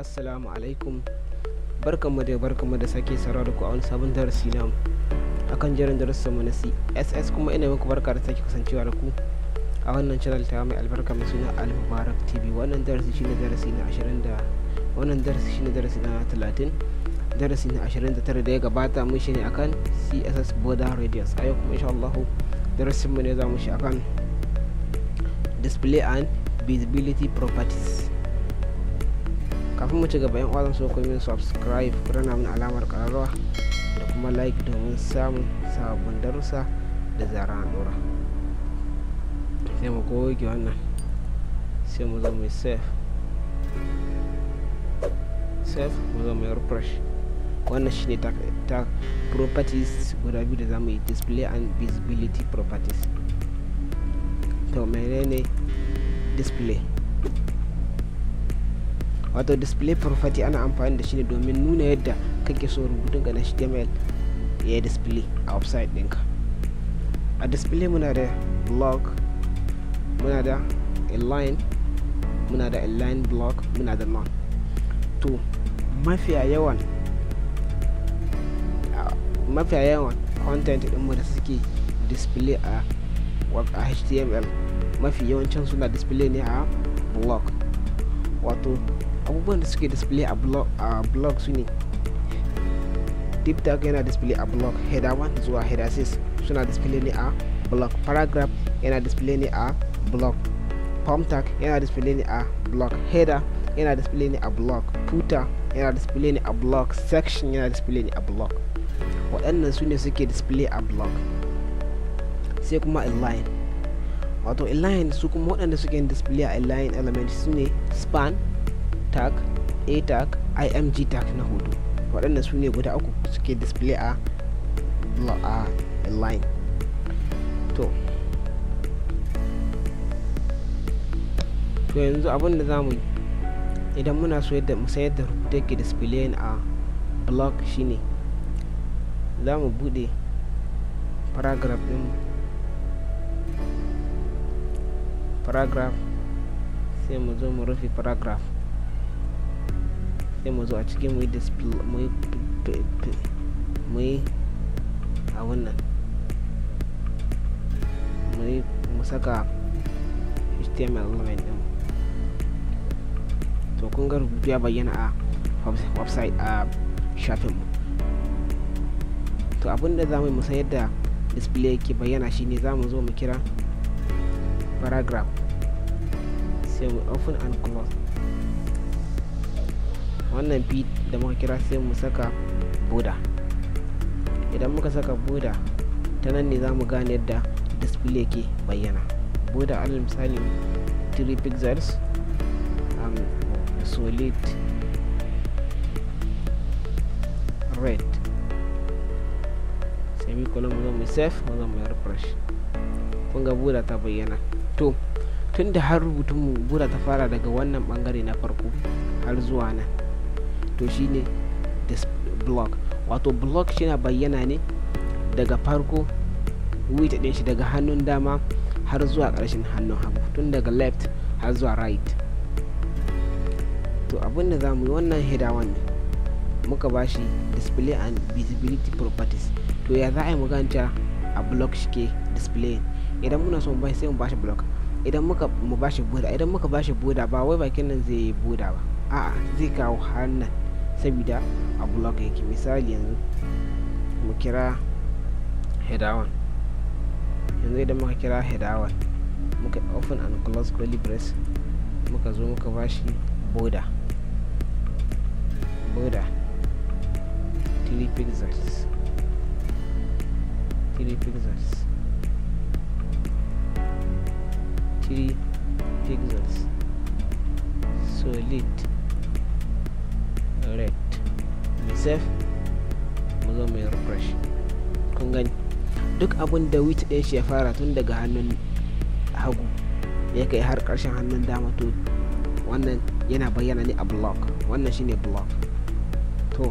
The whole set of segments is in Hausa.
assalamu alaikum barkanmu da barkanmu da sake saurara da ku a wani sabon darasi na akan jerin darussan mu na CSS kuma ina muku barka da sake kasancewa da ku a wannan channel ta mai albarka mai suna Al Mubarak TV wannan darasi shine darasi na 20 da wannan darasi shine darasi na 30 darasi na 29 da ya gabata mun shine akan CSS border radius a yau kuma insha Allah darasin mu ne za mu shi akan display and visibility properties kafin mu ci gaba yan uwa zan so ku min subscribe ku rana min alamar kararrawa da kuma like domin samun sabon darussa da zara na dora sai mu goge wannan sai mu zo mu yi save save mu zo mu yi refresh wannan shine ta, ta properties guda biyu da za mu yi display and visibility properties to menene display wato display property ana amfani da shi ne domin nuna yadda kake so rubutun ga na html ya display a website ɗinka a display muna da blog muna da inline muna da inline blog muna da non to mafiya yawan mafiya yawan content ɗinmu da suke display a a html mafi yawancin suna display ne a blog wato abubuwan da suke display a blog a blog su ne deep tag yana display a blog header 1 zuwa header 6 suna display ni a blog paragraph yana display ni a blog palm tag yana display ni a blog header yana display ni a blog footer yana display ni a blog section yana display ni a blog waɗannan su ne suke display a blog sai kuma inline wato inline su kuma waɗanda suke display a inline element su span tag a tag img tag na hoto waɗanda su ne guda uku suke display a line to to yanzu abin da zamu yi idan muna so yadda mu sayar da rubutu ke display a block shine za mu bude paragraph din paragraph sai mu zo mu rufe paragraph sai mu a cikin mu yi display mu a wannan mu saka html element din to kun ga rubutu ya bayyana a website a shafin mu to abinda za mu yi musan yadda display yake bayyana shine za mu zo mu kira paragraph sai mu open and close wannan bit da muka kira sai mu saka boda idan muka saka boda ta nan ne za mu gane yadda display ke bayyana boda alal misali 3 pixels um, solid red semicolon mu zo mu save mu zo mu refresh kun ga boda ta bayyana to tunda har rubutunmu boda ta fara daga wannan bangare na farko har zuwa nan to shine block wato block shi bayyana ne daga farko wuta ɗin shi daga hannun dama har zuwa ƙarshen hannun hagu tun daga left har zuwa right to abinda za mu yi wannan header ne muka ba shi display and visibility properties to ya za a yi a block shi ke display idan muna so sai mu ba shi block idan muka mu ba shi idan muka ba shi ba wai bakin nan zai yi buda ba a'a zai kawo hannun. saboda a block yake misali yanzu mu kira header 1 yanzu idan muka kira header 1 muka open and close curly brace muka zo muka ba shi border border 3 pixels 3 pixels 3 pixels solid select mai save mu zo mai refresh kun gani duk abin da wit ɗin shi ya fara tun daga hannun hagu ya kai har ƙarshen hannun dama to wannan yana bayyana ne a block wannan shine block to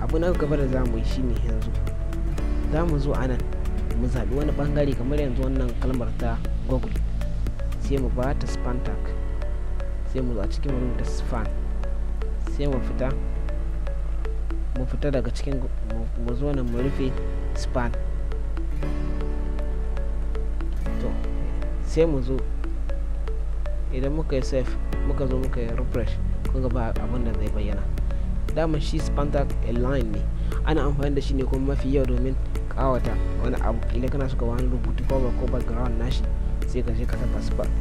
abu na gaba da za mu yi shine yanzu za mu zo anan mu zaɓi wani ɓangare kamar yanzu wannan kalmar ta google sai mu ba ta span tag sai mu zo a cikin wurin da span sai mu fita mu fita daga cikin mu zo nan mu rufe span to sai mu zo idan muka yi safe muka zo muka yi refresh kun ga ba abin da zai bayyana dama shi span tag line ne ana amfani da shi ne kuma mafi yau domin kawata wani abu idan kana suka wani rubutu ba ko background nashi sai ka je ka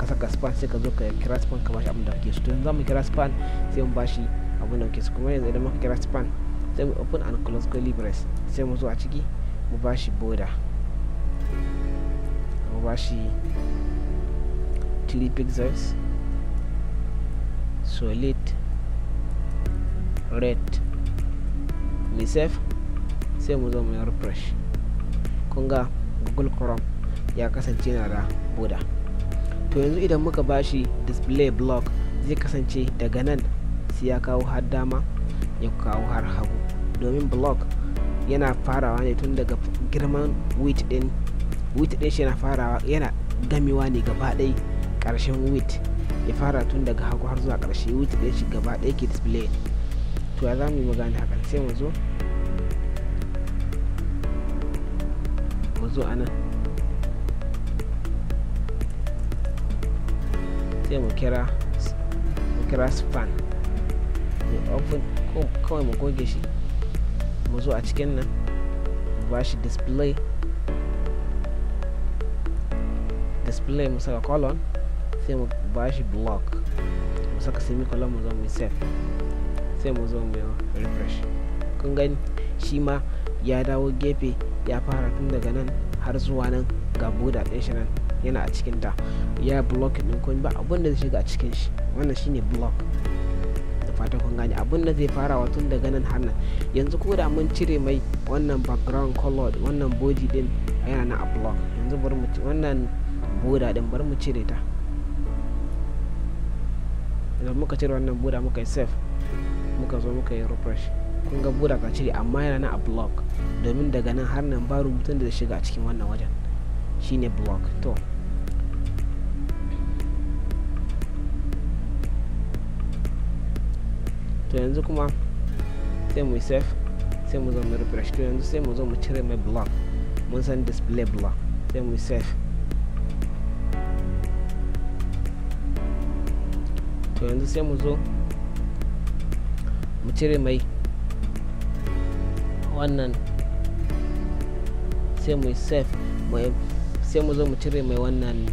saka span sai ka zo ka kira span kamar abin da kake su to yanzu mu kira span sai mu bashi abin da muke su kuma yanzu idan muka kira span sai mu open and close curly libres sai mu zo a ciki mu ba shi border mu ba shi 3 pixels solid red misef sai mu zo mu yi refresh kun ga google chrome ya kasance na da boda to yanzu idan muka bashi display block zai kasance daga nan sai ya kawo har dama ya kawo har hagu domin block yana farawa ne tun daga girman wit din width din shi yana farawa yana gamewa ne gaba ɗaya ƙarshen wit ya fara tun daga hagu har zuwa ƙarshe wit din shi gaba ɗaya ke display to ya za mu yi magana hakan sai mu zo mu zo anan sai mu kira mu kira span kawai mu goge shi mu zo a cikin nan mu ba shi display display mu saka colon sai mu ba shi block mu saka semicolon mu zo mu save sai mu zo mu refresh kun gani shi ma ya dawo gefe ya fara tun daga nan har zuwa nan ga buda ɗin shi nan yana a cikin ta ya block ɗin kun ba abinda zai shiga a cikin shi wannan shine block fata kun gane abin da zai farawa tun daga nan har nan yanzu ko da mun cire mai wannan background color wannan body din yana na block yanzu bar mu wannan boda din bar mu cire ta idan muka cire wannan boda muka yi safe muka zo muka yi refresh kun ga boda ka cire amma yana na a block domin daga nan har nan ba rubutun da zai shiga a cikin wannan wajen shine block to to yanzu kuma sai mu save sai mu zama refresh to yanzu sai mu zo mu cire mai block mun san display block sai mu save to yanzu sai mu zo mu cire mai wannan sai mu save sai mu zo mu cire mai wannan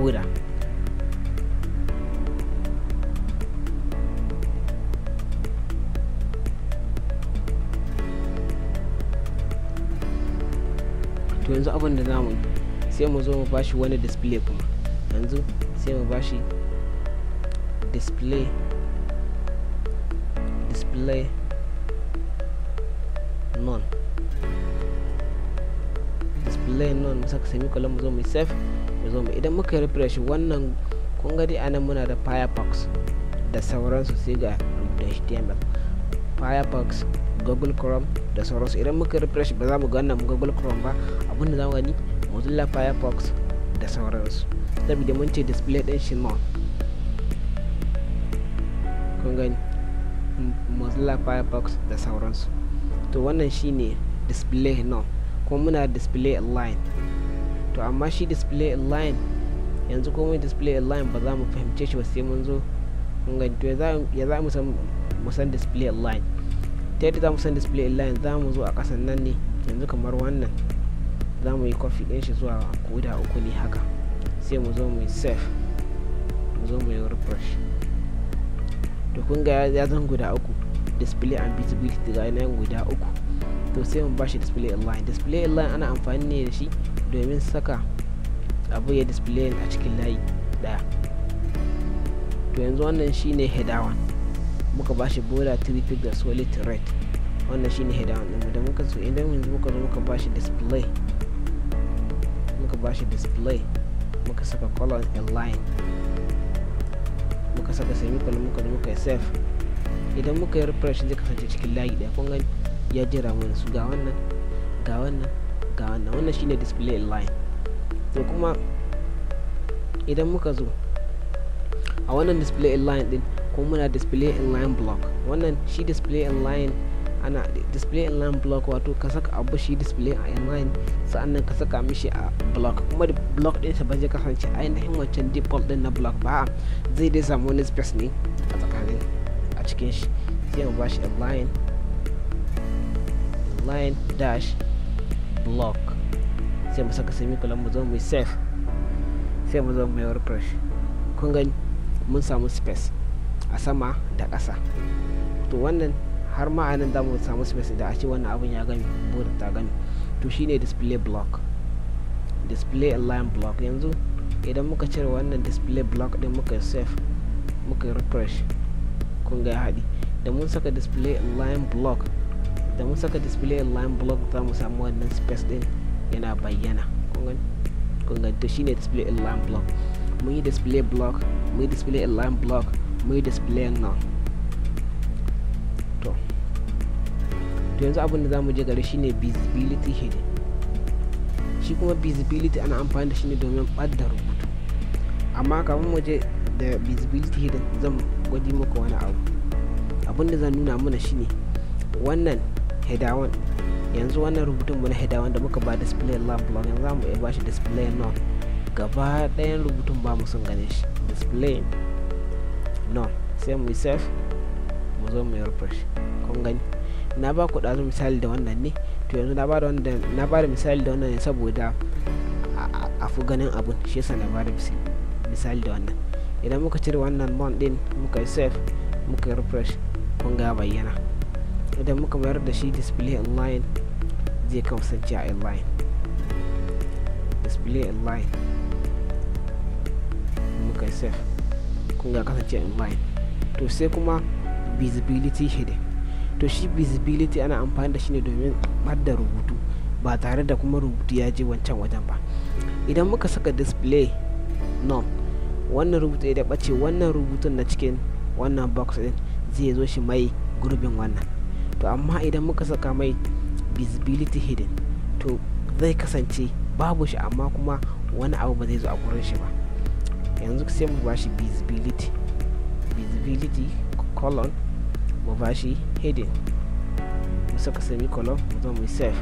buda to yanzu abin da zamu sai mu zo mu bashi wani display kuma yanzu sai mu bashi display display none display none mu saka semicolon mu zo mu save mu zo mu idan muka refresh wannan kun ga dai anan muna da firefox da sauransu sai ga html firefox google chrome da sauransu idan muka refresh ba za mu ga wannan google chrome ba abinda zamu gani mozilla firefox da sauransu da mun ce display din shi non kun gani mozilla firefox da sauransu to wannan shine display non kuma muna display line to amma shi display line yanzu komai display line ba za mu fahimce shi ba sai mun zo mun gani to ya za mu san mu display line ta yadda za mu san display line za mu zo a kasan nan ne yanzu kamar wannan za mu yi kwafi ɗin shi zuwa guda uku ne haka sai mu zo mu yi safe mu zo mu yi refresh to kun ga ya zan guda uku display and visibility ga yanayin guda uku to sai mu bashi display online display online ana amfani ne da shi domin saka abu ya display a cikin layi daya to yanzu wannan shi header Hedawan muka bashi border 3 pixels solid red wannan shi ne header 1 da muka so idan yanzu muka zo muka bashi display muka bashi display muka saka in line muka saka semicolon muka muka yi save idan muka yi refresh zai kasance cikin layi daya kun gani ya jira mana su ga wannan ga wannan ga wannan wannan shine display line, to kuma idan muka zo a wannan display line din kuma muna display line block wannan shi display line. ana display inline block wato ka saka abu shi display a inline sa'annan ka saka mishi a block kuma block din sa ba zai kasance ainihin wancan default din na block ba zai dai samu wani space ne a tsakanin a cikin shi sai mu bashi inline inline dash block sai mu saka semicolon mu zo mu save sai mu zo mu yi refresh kun gani mun samu space a sama da ƙasa to wannan har ma za mu samu space da a ce wannan abin ya gami board ta gami to shine display block display align block yanzu idan muka cire wannan display block din muka save muka refresh kun ga haɗi da mun saka display align block da mun saka display align block za mu samu wannan space din yana bayyana kun ga to shine display align block mun yi display block mun yi display align block mun yi display none to yanzu abin da za mu je gare shine visibility hidden shi kuma visibility ana amfani da shi ne domin ɓadda rubutu amma kafin mu je da visibility hidden zan gwaji maka wani abu abin da zan nuna mana shine wannan header yanzu wannan rubutun mu na header da muka ba display lamp block yanzu za mu iya bashi display none gaba ɗayan rubutun ba mu sun gane shi display none sai mu yi save mu zo mu yi refresh kun gani na ba ku ɗazu misali da wannan ne to yanzu na ba da na ba da misali da wannan ne saboda a fi ganin abun shi yasa na ba da misali da wannan idan muka cire wannan bond din muka yi save muka yi refresh kun ga bayyana idan muka mayar da shi display online zai kawasance a online display online muka yi save kun ga kasance online to sai kuma visibility hidden to shi visibility ana amfani da shi ne domin da rubutu ba tare da kuma rubutu ya je wancan wajen ba idan muka saka display no wannan rubutu ya ɓace wannan rubutun na cikin wannan box din zai zo shi mai gurbin wannan to amma idan muka saka mai visibility hidden to zai kasance babu shi amma kuma wani abu ba zai zo a gurin shi ba yanzu sai mu bashi visibility visibility colon mu bashi heading mu saka semicolon mu zo mu save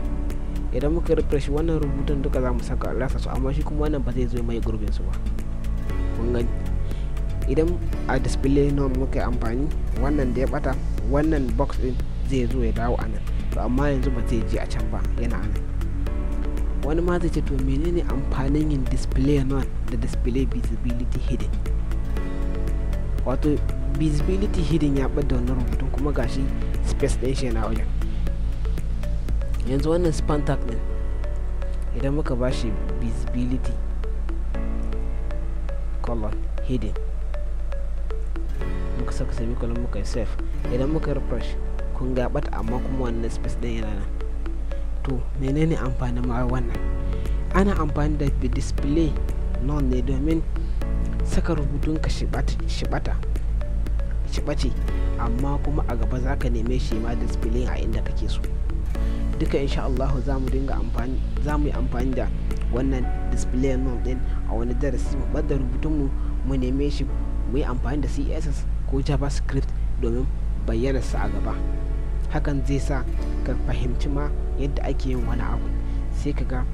idan muka refresh wannan rubutun duka za mu saka lasa su amma shi kuma wannan ba zai zo mai gurbin su ba kun idan a display norm muka yi amfani wannan da ya bata wannan box din zai zo ya dawo a nan to amma yanzu ba zai je a can ba yana a wani ma zai ce to menene amfanin yin display non da display visibility hidden wato visibility hidden ya bada wannan rubutun kuma gashi space ɗin shi yana wajen yanzu wannan span tag ɗin idan muka ba shi visibility colon hidden muka saka sami semicolon muka yi safe idan muka refresh kun gabat amma kuma wannan space din yana nan to menene amfanin ma wannan ana amfani da display non ne domin saka rubutun ka shibata shi ɓace amma kuma a gaba za ka neme shi ma display a inda kake so duka insha Allah za mu dinga amfani za mu yi amfani da wannan display nom din a wani darasi mu bada rubutun rubutunmu mu neme shi mu yi amfani da css ko javascript domin bayyana sa a gaba hakan zai sa ka fahimci ma yadda ake yin wani abu sai ka ga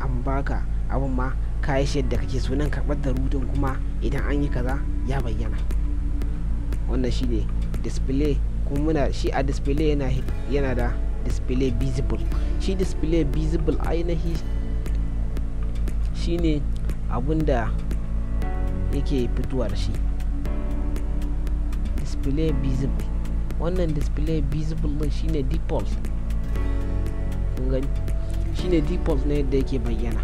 an baka abun ma ka shi yadda kake so nan karɓar da rubutun kuma idan an yi kaza ya bayyana wannan shine display kuma muna shi a display yana yana da display visible shi display visible ainihi shine abinda yake fitowa da shi display visible wannan display visible din shine default shi shine default na yadda yake bayyana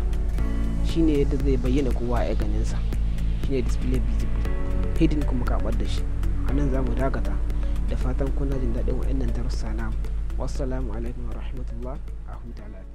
shine yadda zai bayyana kowa ya ganinsa shine display visible hidden kuma kabar da shi anan nan za mu dakata da fatan kuna jin daɗin wa'annan darussa na wassalamu alaikum wa rahmatullah a huta